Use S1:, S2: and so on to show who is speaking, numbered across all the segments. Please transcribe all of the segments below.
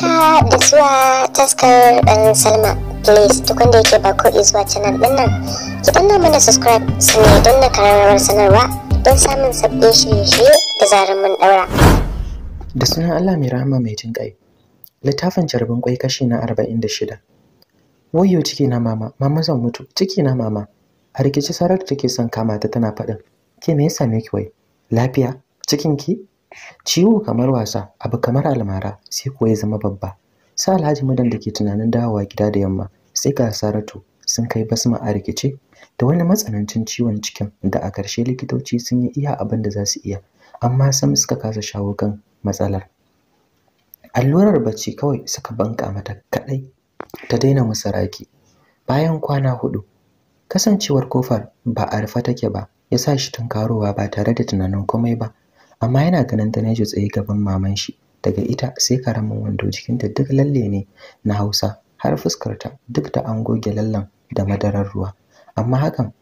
S1: haka da zuwa taskar dan salma please duk wanda yake ba ko zuwa canal din nan ki danna mana subscribe su ne don na kararrawar sanarwa don samun sabbin shirye-shirye da zarar mun daura da sunan allah mai rahama mai jin kai littafin jarbin kwai kashi na arba'in da shida. wayo ciki na mama mama zan mutu ciki na mama a rikici sarar take son kama ta tana faɗin ke me ya same ki wai lafiya cikin ki ciwo kamar wasa abu kamar almara sai kuwa ya zama babba sa alhaji madan da ke tunanin dawowa gida da yamma sai ga saratu sun kai basma a rikice da wani matsanancin ciwon cikin da a ƙarshe likitoci sun yi iya abin da za su iya amma sam suka kasa shawo kan matsalar allurar bacci kawai suka banka mata kaɗai ta daina musu raki bayan kwana hudu kasancewar kofar ba a rufe take ba ya sa shi tunkarowa ba tare da tunanin komai ba amma yana ganin ta naji tsaye gaban maman shi daga ita sai karamin wando jikinta duk lalle ne na Hausa har fuskarta duk da an goge lallan da madarar ruwa amma hakan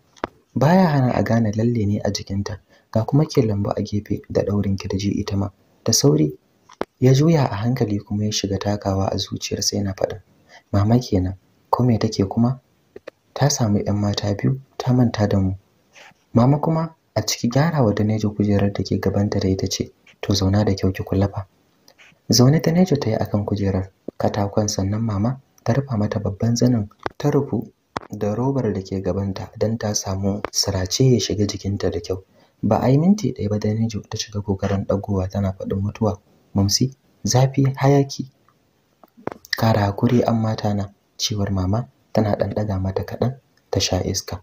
S1: baya hana a gane lalle ne a jikinta ga kuma ke lambu a gefe da daurin kirji ita ma da sauri ya juya a hankali kuma ya shiga takawa a zuciyar saina faɗan. mama kenan ko me take kuma ta samu 'yan mata biyu ta manta da mu mama kuma a ciki gyarawa Danejo kujerar da ke gabanta da ita ce to zauna da kyau ki kullafa zaune Danejo ta yi akan kujerar katakon sannan mama ta rufa mata babban zanin ta rufu da robar da ke gabanta don ta samu sirace ya shiga jikinta da kyau ba a yi minti ɗaya ba Danejo ta shiga kokarin ɗagowa tana faɗin mutuwa mumsi, zafi hayaki kara hakuri an mata na cewar mama tana ɗan ɗaga mata kaɗan ta sha iska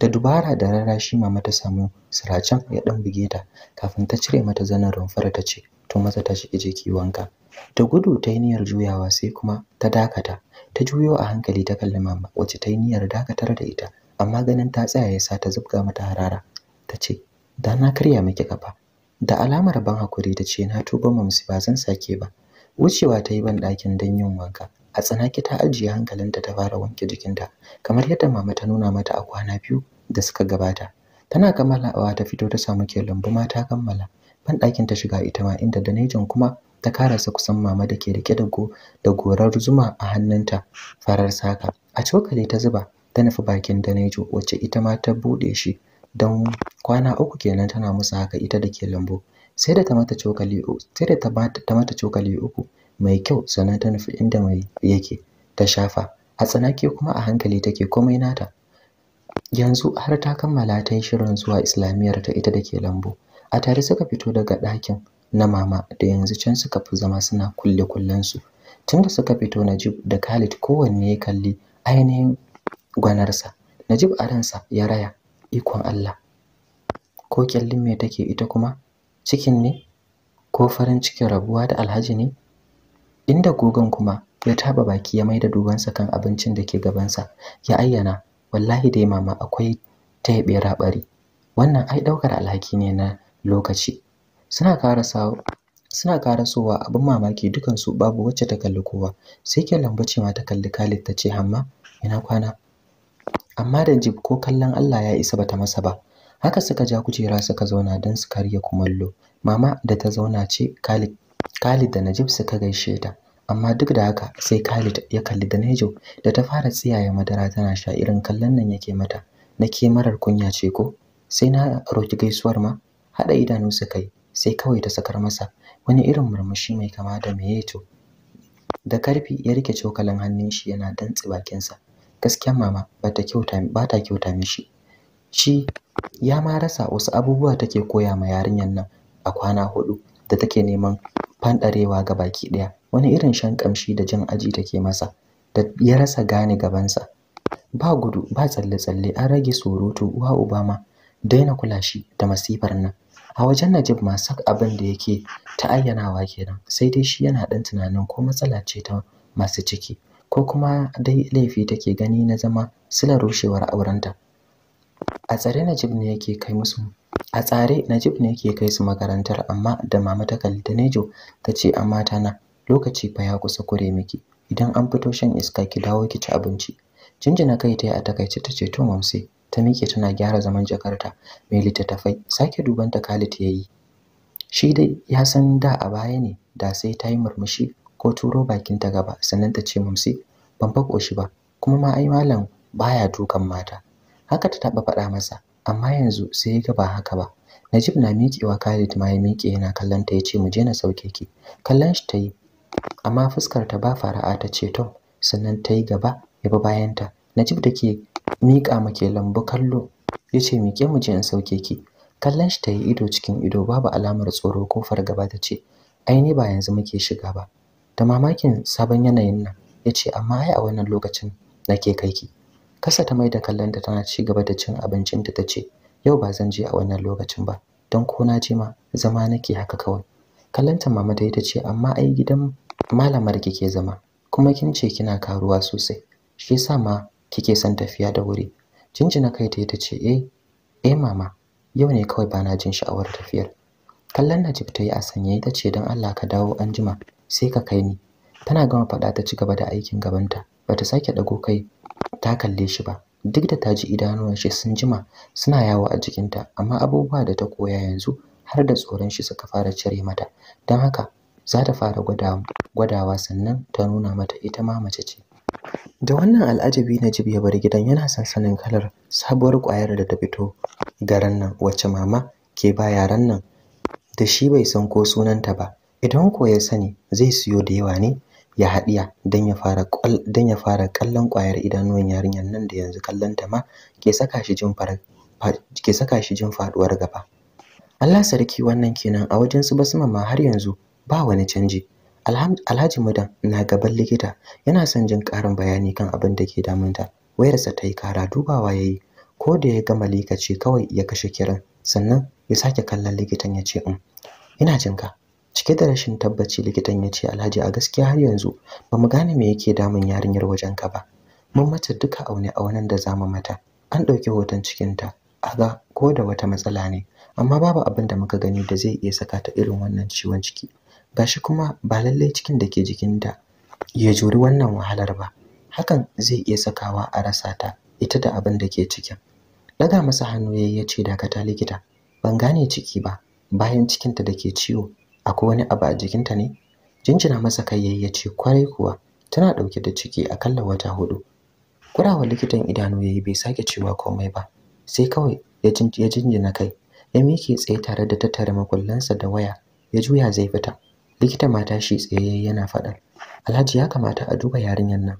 S1: da dubara da rara shi mama ta samu siracen ya dan buge ta kafin ta cire mata zanin rumfar ta ce to maza ta shige je ki wanka da gudu ta yi niyyar juyawa sai kuma ta dakata ta juyo a hankali ta kalli mama wacce ta niyyar dakatar da ita amma ganin ta tsaya ya sa ta zubga mata harara ta ce da na karya miki kafa da alamar ban hakuri ta ce na tuba mamsi ba zan sake ba wucewa ta yi ban ɗakin don yin wanka a tsanaki ta ajiye hankalinta ta fara wanke jikinta kamar yadda mama ta nuna mata a kwana biyu da suka gabata tana kammalawa ta fito ta samu ke lambu ma ta kammala ban ɗakin ta shiga ita ma inda danejin kuma ta karasa kusan mama da ke rike da gorar zuma a hannunta farar saka a cokali ta zuba ta nufi bakin danejo wacce ita ma ta buɗe shi don kwana uku kenan tana musu haka ita da ke lambu sai da ta mata cokali uku mai kyau sannan ta nufi inda mai yake ta shafa a tsanake kuma a hankali take komai nata yanzu har ta kammala ta yi shirin zuwa islamiyyar ta ita da ke lambu a tare suka fito daga ɗakin na mama da yanzu can suka fi zama suna kulle kullen su, tunda suka fito najib da khalid kowanne ya kalli ainihin gwanarsa najib a ransa ya raya ikon allah ko kyallin me take ita kuma cikin ne ko farin cikin rabuwa da alhaji ne inda gogon kuma ya taba baki ya maida dubansa kan abincin da ke gabansa ya ayyana wallahi dai mama akwai ta ɓari, rabari wannan ai daukar alhaki ne na lokaci suna karasawa suna karasowa abin mamaki dukansu babu wacce ta kalli kowa sai ke lambace ma ta kalli Khalid ta ce hamma ina kwana amma da jib ko kallon Allah ya isa bata masa ba haka suka ja kujera suka zauna don su karya kumallo mama da ta zauna ce Khalid Khalid da Najib suka gaishe ta amma duk da haka sai Khalid ya kalli da Najib da ta fara tsiyaye madara tana sha irin kallon nan yake mata na ke marar kunya ce ko sai na roki gaisuwar ma hada idanu su kai sai kawai ta sakar masa wani irin murmushi mai kama da to. da karfi ya rike cokalin hannun shi yana dantsi bakinsa gaskiya mama bata kyauta bata kyauta mishi shi ya ma rasa wasu abubuwa take koya ma yarinyar nan a kwana hudu da take neman fanɗarewa ga baki ɗaya wani irin shan kamshi da jin aji take masa da ya rasa gane gabansa ba gudu ba tsalle-tsalle an rage surutu uwa uba ma daina kula shi da masifar nan a wajen Najib ma sak abin da yake ta ayyanawa kenan sai dai shi yana ɗan tunanin ko matsala ce ta masu ciki ko kuma dai laifi take gani na zama sula rushewar aurenta a tsare Najib ne yake kai musu a tsare najib ne ke kai su makarantar amma da mama ta kalli nejo ta ce amma na. lokaci fa ya kusa kure miki idan an fito shan iska ki dawo ki ci abinci jinjina kai ta a takaice ta ce to mamse ta miƙe tana gyara zaman jakarta mai littattafai sake duban ta kalit ya yi shi dai ya san da a baya ne da sai ta yi murmushi ko turo bakin ta gaba sannan ta ce mamse ban fa shi ba kuma ma ai malam baya tukan mata haka ta taɓa faɗa masa amma yanzu sai ya ga ba haka ba Najib na miƙewa Khalid ma ya miƙe yana kallon ta yace mu je na sauke ki kallon shi tayi amma fuskar ta ba fara'a ta ce to sannan tayi gaba ya bi bayan ta Najib dake miƙa muke lambu kallo yace miƙe mu je in sauke ki kallon shi tayi ido cikin ido babu alamar tsoro ko fargaba ta ce ai ni ba yanzu muke shiga ba da mamakin sabon yanayin nan yace amma ai a wannan lokacin nake kai ki kasa ta maida kallonta tana ci gaba da cin abincinta ta ce yau ba zan je a wannan lokacin ba don ko na je ma zama nake haka kawai kallonta mama dai ta ce amma ai gidan malamar kike zama kuma kin ce kina karuwa sosai shi yasa ma kike son tafiya da wuri jinjina kai ta tace ce eh eh mama yau ne kawai bana jin sha'awar tafiyar kallon Najib ta yi a sanye ta ce don Allah ka dawo anjima sai ka kai ni tana gama faɗa ta ci gaba da aikin gabanta bata sake ɗago kai ta kalle shi ba duk da ta ji idanuwan shi sun jima suna yawo a jikinta amma abubuwa da ta koya yanzu har da tsoron shi suka fara cire mata don haka za ta fara gwadawa sannan ta nuna mata ita ma mace ce da wannan al'ajabi na ya bar gidan yana sansanin kalar sabuwar ƙwayar da ta fito garan nan wacce mama ke ba yaran nan da shi bai san ko sunanta ba idan ko ya sani zai siyo da yawa ne ya haɗiya don ya fara don ya fara kallon ƙwayar idanuwan yarinyar nan da yanzu kallon ta ma ke saka shi jin fara ke saka shi jin faduwar gaba Allah sarki wannan kenan a wajen su basma ma har yanzu ba wani canji Alhaji Mudan na gaban likita yana son jin ƙarin bayani kan abin da ke damunta wayarsa ta yi kara dubawa yayi ko da ya gama likaci kawai ya kashe kiran sannan ya sake kallon likitan ya ce in? Um, ina jinka cike da rashin tabbaci likitan ya ce alhaji a gaskiya har yanzu ba mu gane me yake damun yarinyar wajen ka ba mun mata duka aune aunen da zamu mata an ɗauki hoton cikinta ga ko da wata matsala ne amma babu abin da muka gani da zai iya saka ta irin wannan ciwon ciki gashi kuma ba lallai cikin da ke jikinta ya juri wannan wahalar ba hakan zai iya sakawa a rasa ta ita da abin da ke cikin daga masa hannu ya ce dakata likita ban gane ciki ba bayan cikinta da ke ciwo akwai wani abu a jikinta ne jinjina masa kai yayi yace kwarai kuwa tana dauke da ciki a akalla wata hudu kurawa likitan idanu yayi bai sake cewa komai ba sai kawai ya jinjina kai ya miƙe tsaye tare da tattare makullansa da waya ya juya zai fita likita mata shi tsaye yana faɗa alhaji ya kamata a duba yarinyar nan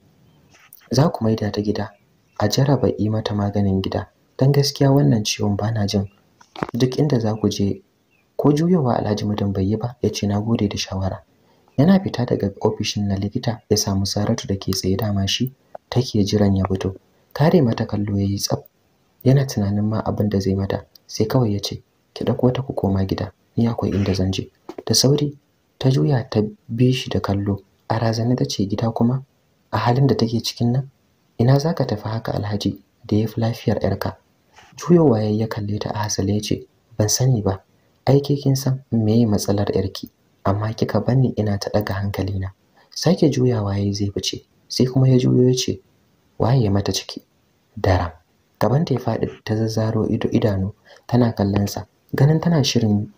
S1: za ku maida ta gida a jaraba yi mata maganin gida dan gaskiya wannan ciwon bana jin duk inda za ku je ko juyowa Alhaji Mutum bai yi ba ya ce nagode da shawara yana fita daga ofishin na likita ya samu Saratu da ke tsaye dama shi take jiran ya fito kare mata kallo yayi tsaf yana tunanin ma abin da zai mata sai kawai ya ce ki ɗauko ta ku koma gida ni akwai inda zan je da sauri ta juya ta bi shi da kallo a razane ta ce gida kuma a halin da take cikin nan ina zaka tafi haka Alhaji da ya fi lafiyar yarka juyowa yayi ya kalle ta a hasale ya ce ban sani ba aiki kin san meye matsalar yarki amma kika bani ina ta daga hankalina sake juyawa yayi zai fice sai kuma ya juyo ya ce waye mata ciki dara gaban ta ya faɗi ta zazzaro ido idanu tana kallon sa ganin tana shirin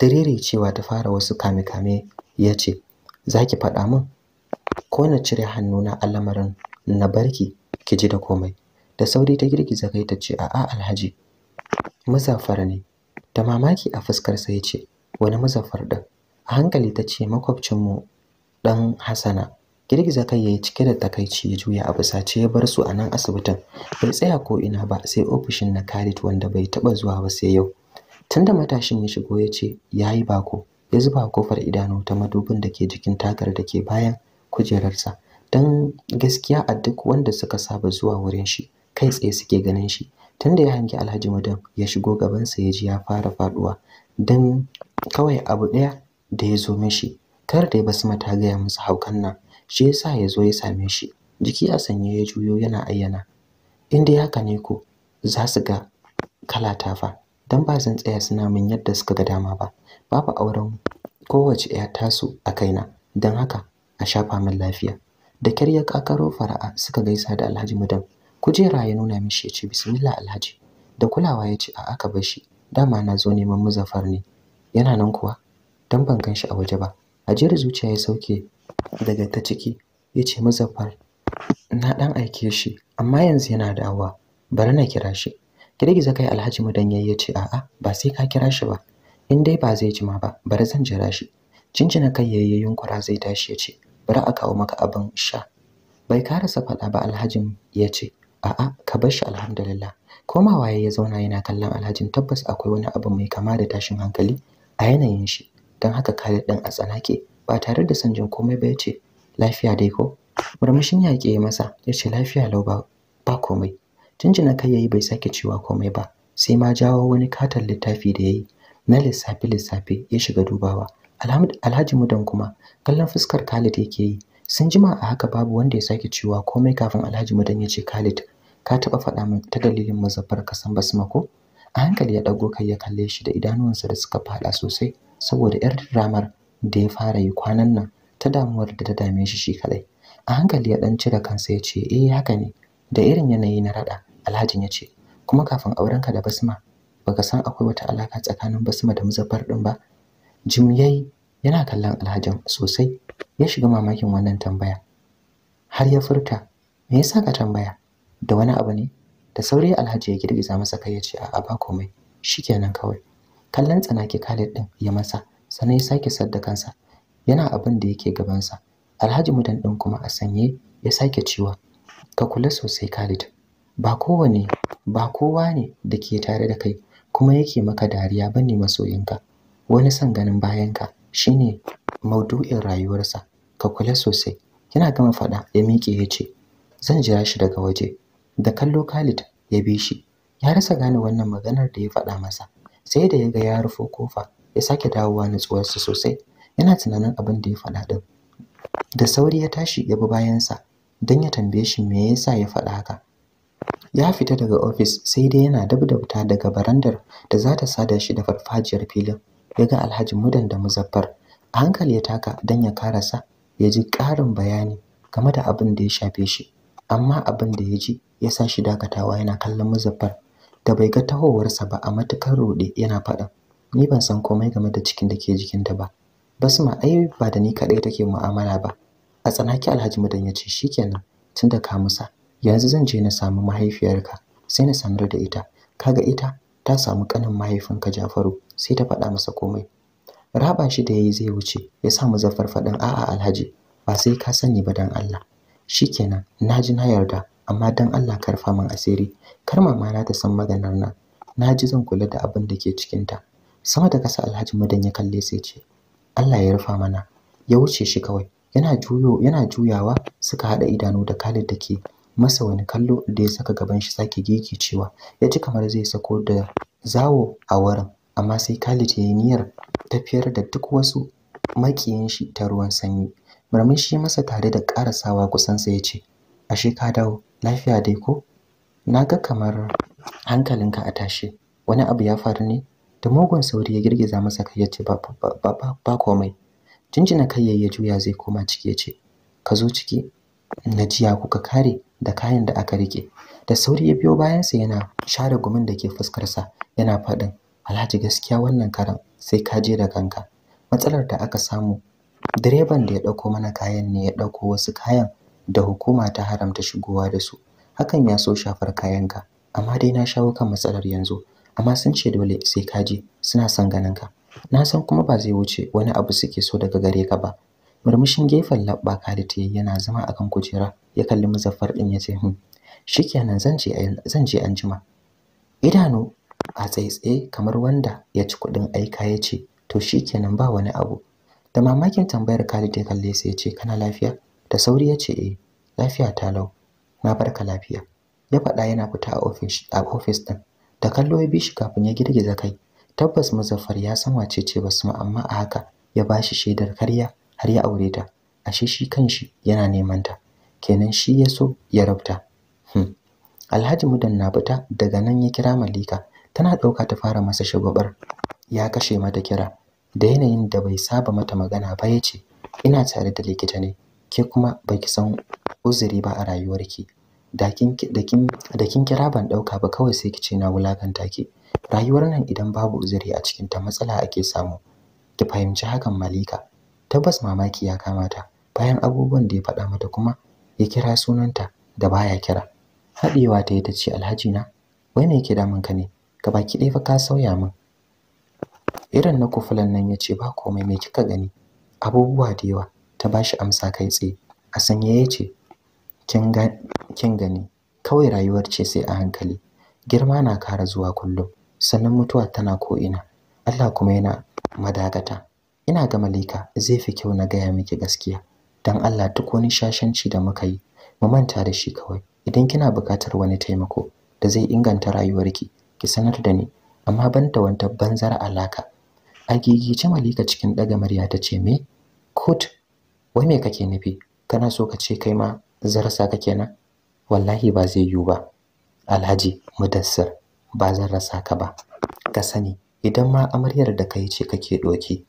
S1: dirire cewa ta fara wasu kame-kame ya ce za ki faɗa min ko na cire hannu na lamarin na barki ki ji da komai da sauri ta girgiza kai ta ce a'a alhaji fara ne da mamaki a fuskarsa ya ce wani muzaffar ɗin a hankali ta ce makwabcin mu ɗan hasana girgiza kai yayi cike da takaici ya juya a fusace ya bar su a nan asibitin bai tsaya ko ina ba sai ofishin na Khalid wanda bai taba zuwa ba sai yau tunda matashin ya shigo ya ce ya yi bako ya zuba kofar idanu ta madubin da ke jikin tagar da ke bayan kujerarsa dan gaskiya a duk wanda suka saba zuwa wurin shi kai tsaye suke ganin shi tunda ya hangi Alhaji Madam ya shigo gabansa ya ji ya fara faduwa dan kawai abu daya da ya zo mishi kar da Basma ta gaya musu haukan nan shi yasa ya zo ya same shi jiki a sanye ya juyo yana ayyana inda haka ne ku za su ga kalata fa dan ba zan tsaya suna min yadda suka ga dama ba babu auren kowace ya tasu a kaina dan haka a shafa min lafiya da kyar ya kakaro fara'a suka gaisa da Alhaji Madam kujera ya nuna mishi ya ce bismillah alhaji da kulawa ya ce a aka bar shi dama na zo neman muzaffar ne yana nan kuwa dan ban gan shi a waje ba ajiyar zuciya ya sauke daga ta ciki ya ce muzaffar na dan aike shi amma yanzu yana dawowa bari na kira shi girgiza kai alhaji mudanyayi ya ce a'a ba sai ka kira shi ba in dai ba zai jima ba bari zan jira shi cincina kai yayi yunkura zai tashi ya ce bari a kawo maka abin sha bai karasa faɗa ba Alhaji ya ce a'a ka bar shi alhamdulillah komawa ya zauna yana kallon alhajin tabbas akwai wani abu mai kama da tashin hankali a yanayin shi don haka Khalid ɗin a tsanake ba tare da sanjin komai ba yace lafiya dai ko murmushin ya ya masa yace lafiya lau ba ba komai jina kai yayi bai sake cewa komai ba sai ma jawo wani katon littafi da yayi na lissafi-lissafi ya shiga dubawa alhaji mudan kuma kallon fuskar Khalid yake yi sun jima a haka babu wanda ya sake cewa komai kafin alhaji madan ya ce khalid ka taɓa faɗa min ta dalilin mazabar ka san basma ko a hankali ya ɗago kai ya kalle shi da idanuwansa da suka faɗa sosai saboda yar ramar da ya fara yi kwanan nan ta damuwar da ta dame shi shi kaɗai a hankali ya ɗan cire kansa ya ce eh haka ne da irin yanayi na raɗa alhajin ya ce kuma kafin aurenka da basma baka san akwai wata alaka tsakanin basma da muzaffar ɗin ba jim yayi yana kallon alhajin sosai ya shiga mamakin wannan tambaya har ya furta me yasa ka tambaya da wani abu ne da saurayi alhaji ya girgiza masa kai ya ce a'a ba komai shikenan kawai kallon tsanaki Khalid din ya masa sannan ya sake sadda kansa yana abin da yake gabansa alhaji mudan din kuma a sanye ya sake ciwa ka kula sosai Khalid ba kowane ba kowa ne da ke tare da kai kuma yake maka dariya bane masoyinka wani san ganin bayanka shine maudu'in rayuwarsa ka kula sosai yana gama faɗa ya miƙe ya ce zan jira shi daga waje da kallo Khalid ya bi shi ya rasa gane wannan maganar da ya faɗa masa sai da ya ga ya rufo kofa ya sake dawowa nutsuwarsa sosai yana tunanin abin da ya faɗa din da sauri ya tashi ya bi bayansa don ya tambaye shi me yasa ya faɗa haka ya fita daga ofis sai dai yana dabdabta daga barandar da za ta sada shi da farfajiyar filin ya ga Alhaji Mudan da Muzaffar. A hankali ya taka don ya karasa ya ji ƙarin bayani game da abin da ya shafe shi. Amma abin da ya ji ya sa shi dakatawa yana kallon Muzaffar da bai ga tahowarsa ba a matukar roɗe yana faɗa. Ni ban san komai game da cikin da ke jikinta ba. Basma ai ba da ni kaɗai take mu'amala ba. A tsanaki Alhaji Mudan ya ce shikenan tunda ka musa yanzu zan je na samu mahaifiyarka sai na sanar da ita kaga ita ta samu kanin mahaifinka Jafaru sai ta faɗa masa komai raba shi da yayi zai wuce ya sa zafar faɗin a'a Alhaji ba sai ka sani ba dan Allah shikenan naji na yarda amma dan Allah karfa min asiri kar mama na ta san maganar nan ji zan kula da abin da ke cikin ta sama da kasa Alhaji madan ya kalle sai ce Allah ya rufa mana ya wuce shi kawai yana juyo yana juyawa suka hada idanu da Khalid da ke masa wani kallo da ya saka gaban shi sake geki cewa ya ji kamar zai sako da zawo a wurin amma sai Khalid ya yi niyyar tafiyar da duk wasu makiyin shi ta ruwan sanyi shi masa tare da karasawa kusan sa ya ce ashe ka dawo lafiya dai ko na ga kamar hankalinka a tashi wani abu ya faru ne da mugun sauri ya girgiza masa kai ya ce ba ba ba komai jinjina kai ya juya zai koma ciki ya ce ka zo ciki na jiya kuka kare da kayan da aka rike da sauri ya biyo bayansa yana share gumin da ke fuskarsa yana faɗin alhaji gaskiya wannan karan sai ka je da kanka matsalar da aka samu direban da ya ɗauko mana kayan ne ya ɗauko wasu kayan da hukuma ta haramta shigowa da su hakan ya so shafar kayanka amma dai na shawo kan matsalar yanzu amma sun ce dole sai ka je suna son ganinka na san kuma ba zai wuce wani abu suke so daga gare ka ba murmushin gefen labba Khalid yayi yana zama akan kujera ya kalli Muzaffar din yace hmm shikenan zan je zan je anjima idanu a tsaitsaye kamar wanda ya ci kudin aika ya ce, to shikenan ba wani abu da mamakin tambayar Khalid ya kalle sai ce kana lafiya da sauri ya ce eh lafiya ta lau na barka lafiya ya faɗa yana fita a ofis a office din da kallo ya bi shi kafin ya girgiza kai tabbas Muzaffar ya san wace ce Basma amma a haka ya bashi shaidar karya har ya aure ta ashe shi kanshi yana neman ta kenan shi ya so ya rabta hmm. Alhaji Mudan na fita daga nan ya kira Malika tana ɗauka ta fara masa shugabar. ya kashe mata kira da yanayin da bai saba mata magana ba ya ce. ina tare da likita ne ke kuma baki san uzuri ba a rayuwarki da kin kira ban ɗauka ba kawai sai ki ce na wulakanta ki rayuwar nan idan babu uzuri a cikin ta matsala ake samu ki fahimci hakan Malika tabbas mamaki ya kamata bayan abubuwan da ya faɗa mata kuma ya kira sunanta da baya kira haɗewa ta yi ta ce alhaji na wai me yake damun ka ne ka baki ɗaya fa ka sauya min irin na kufulan nan ya ce ba komai me kika gani abubuwa da yawa ta ba shi amsa kai tsaye a sanye ya ce kin gani kawai rayuwar ce sai a hankali girma na kara zuwa kullum sannan mutuwa tana ko'ina Allah kuma yana madagata ina ga malika zai fi kyau na gaya miki gaskiya dan Allah duk wani shashanci da muka yi mu manta da shi kawai idan kina buƙatar wani taimako da zai inganta rayuwarki ki sanar da ni amma ban da wata banzar alaka a gigice malika cikin ɗaga murya ta ce me kot wai me kake nufi kana so ka ce kai ma zarasa kake na wallahi ba zai yiwu ba alhaji mudassir ba zan rasa ka ba ka sani idan ma amaryar da kai ce kake doki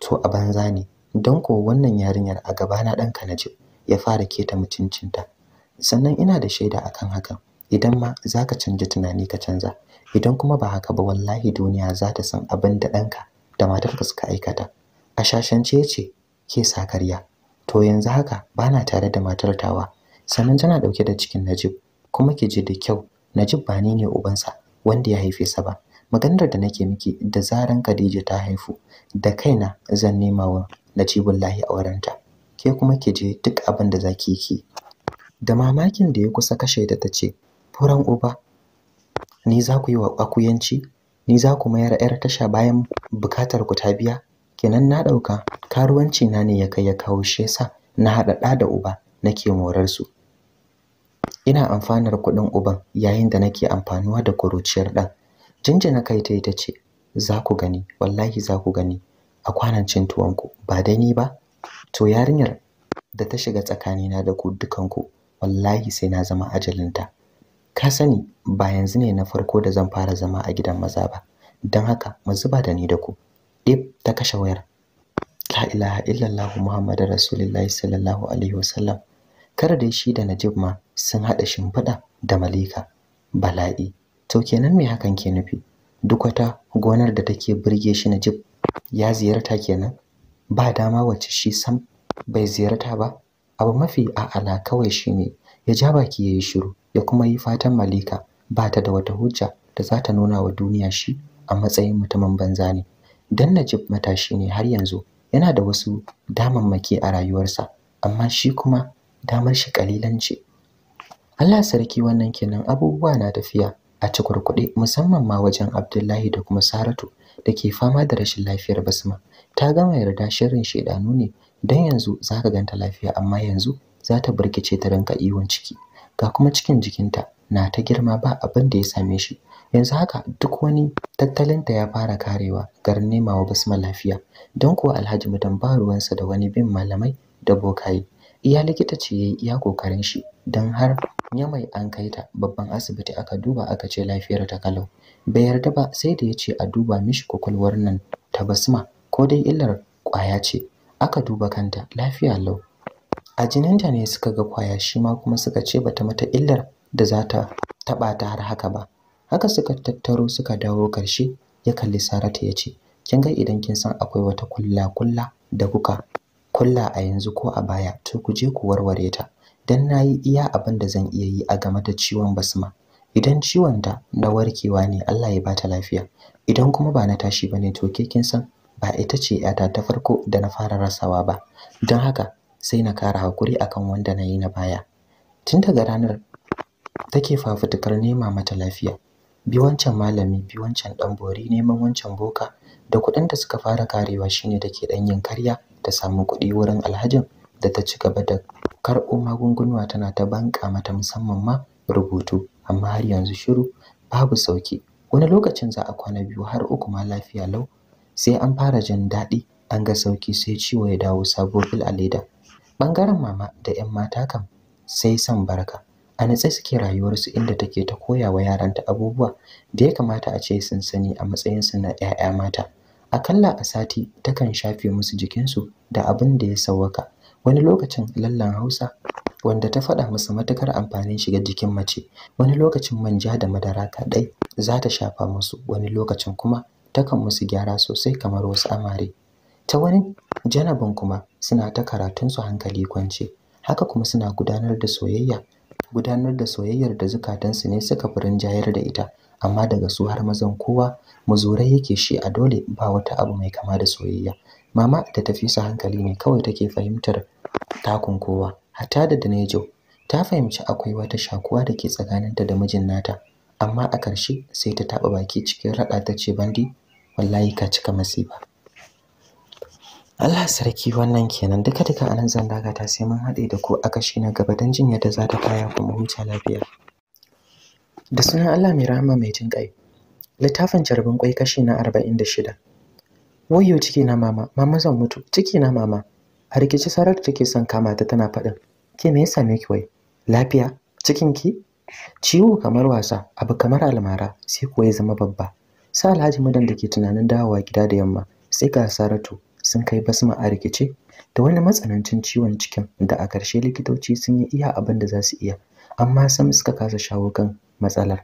S1: to a banza ne don ko wannan yarinyar a gaba na ɗanka na kanajib ya fara keta mutuncinta sannan ina da shaida a kan hakan idan ma za ka canja tunani ka canza idan kuma ba haka ba wallahi duniya za ta san abin da ɗanka da matarka suka aikata a shashance ce ke sa karya to yanzu haka bana tare da matar tawa sannan tana ɗauke da cikin najib kuma ki ji da kyau najib ba ni ne ubansa wanda ya haife sa ba maganar da nake miki da zaran Khadija ta haifu da kaina zan nema wa Najibullahi aurenta ke kuma ki je duk abin da zaki ki da mamakin da ya kusa kashe ta tace furan uba ni za ku yi wa akuyanci ni za ku mayar yar tasha bayan bukatar ku ta biya kenan na dauka karuwanci na ne ya kai ya kawo shi yasa na hada da da uba nake morar su ina amfanar kuɗin uban yayin da nake amfanuwa da kuruciyar dan jinjina kai ta yi ta ce za ku gani wallahi za ku gani a kwanan cin tuwonku ba da ni ba to yarinyar da ta shiga tsakanina da ku dukanku wallahi sai na zama ajalinta ka sani ba yanzu ne na farko da zan fara zama a gidan maza ba don haka mu zuba da ni da ku ɗib ta kashe wayar la ilaha illallah muhammadu rasulullahi sallallahu alaihi wasallam kar dai shi da najib ma sun haɗa shimfiɗa da malika bala'i to kenan me hakan ke nufi duk wata gonar da take burge shi Najib ya ziyarta kenan ba dama wacce shi sam bai ziyarta ba abu mafi a'ala kawai shi ne, ya ja baki yayi shiru ya kuma yi fatan Malika ba ta da wata hujja da za ta nuna wa duniya shi a matsayin mutumin banza ne dan Najib matashi ne har yanzu yana da wasu damammaki a rayuwarsa amma shi kuma damar shi kalilan ce Allah sarki wannan kenan abubuwa na tafiya a cikurkuɗe musamman ma wajen Abdullahi da kuma Saratu da ke fama da rashin lafiyar basma. Ta gama yarda shirin shedanu ne don yanzu za ka ganta lafiya amma yanzu za ta birkice ta rinka iwon ciki. Ga kuma cikin jikinta na ta girma ba abin da ya same shi. Yanzu haka duk wani tattalinta ya fara karewa garin nemawa basma lafiya. Don kuwa Alhaji Mudan ba ruwansa da wani bin malamai da bokaye. iya likita ce yayi iya kokarin shi dan har ya mai an kai ta babban asibiti aka duba aka ce lafiyar ta kalau bai yarda ba sai da ya ce a duba mishi kwakwalwar nan ta basma ko dai illar kwaya ce aka duba kanta lafiya lau a jininta ne suka ga kwaya shi ma kuma suka ce bata mata illar da za ta taba ta har haka ba haka suka tattaro suka dawo karshe ya kalli Saratu ya ce kin ga idan kin san akwai wata kulla kulla da kuka kulla a yanzu ko a baya to ku je ku warware ta dan nayi iya abin da zan iya yi a game da ciwon basma idan ciwon ta na warkewa ne Allah ya bata lafiya idan kuma ba na tashi bane to ke kin san ba ita ce yata ta farko da na fara rasawa ba don haka sai na kara hakuri akan wanda na yi na baya tun daga ranar take fafutukar nema mata lafiya bi wancan malami bi wancan dan bori neman wancan boka da kuɗin da suka fara karewa shine take dan yin karya ta samu kuɗi wurin alhajin da ta ci gaba da karɓo magunguna tana ta banka mata musamman ma rubutu amma har yanzu shiru babu sauki wani lokacin za a kwana biyu har uku ma lafiya lau sai an fara jin daɗi an ga sauki sai ciwo ya dawo sabo fil a leda Ɓangaren mama da yan mata kam sai san baraka a nutse suke rayuwarsu inda take ta koya wa yaranta abubuwa da ya kamata a ce sun sani a matsayinsu na 'ya'ya mata akalla a sati takan shafe musu jikinsu da abin da ya sawwaka wani lokacin lallan hausa wanda ta faɗa musu matukar amfanin shiga jikin mace wani lokacin manja da madara kaɗai za ta shafa musu wani lokacin kuma takan musu gyara sosai kamar wasu amare ta wani janabin kuma suna ta karatunsu hankali kwance haka kuma suna gudanar da soyayya gudanar da soyayyar da zukatansu ne suka furin jayar da ita amma daga su har mazan kowa muzurai yake shi a dole ba wata abu mai kama da soyayya mama da tafisa hankali ne kawai take fahimtar takun kowa hatta da danejo ta fahimci akwai wata shakuwa da ke tsakaninta da mijin nata amma a ƙarshe sai ta taɓa baki cikin raɗa ta ce bandi wallahi ka cika masifa Allah sarki wannan kenan duka duka nan zan ta sai mun haɗe da ku a kashi na gaba don jin yadda za ta kaya kuma huta lafiya da sunan Allah mai rahama mai jin ƙai littafin carbin kwai kashi na arba'in da shida wayo ciki na mama mama zan mutu ciki na mama a rikici sarar take son kama ta tana faɗin ke me ya same ki wai lafiya cikin ki ciwo kamar wasa abu kamar almara sai ko ya zama babba sa alhaji madan da ke tunanin dawowa gida da yamma sai ga saratu sun kai basma a rikici. da wani matsanancin ciwon cikin da a ƙarshe likitoci sun yi iya abin da za su iya amma sam suka kasa shawo kan matsalar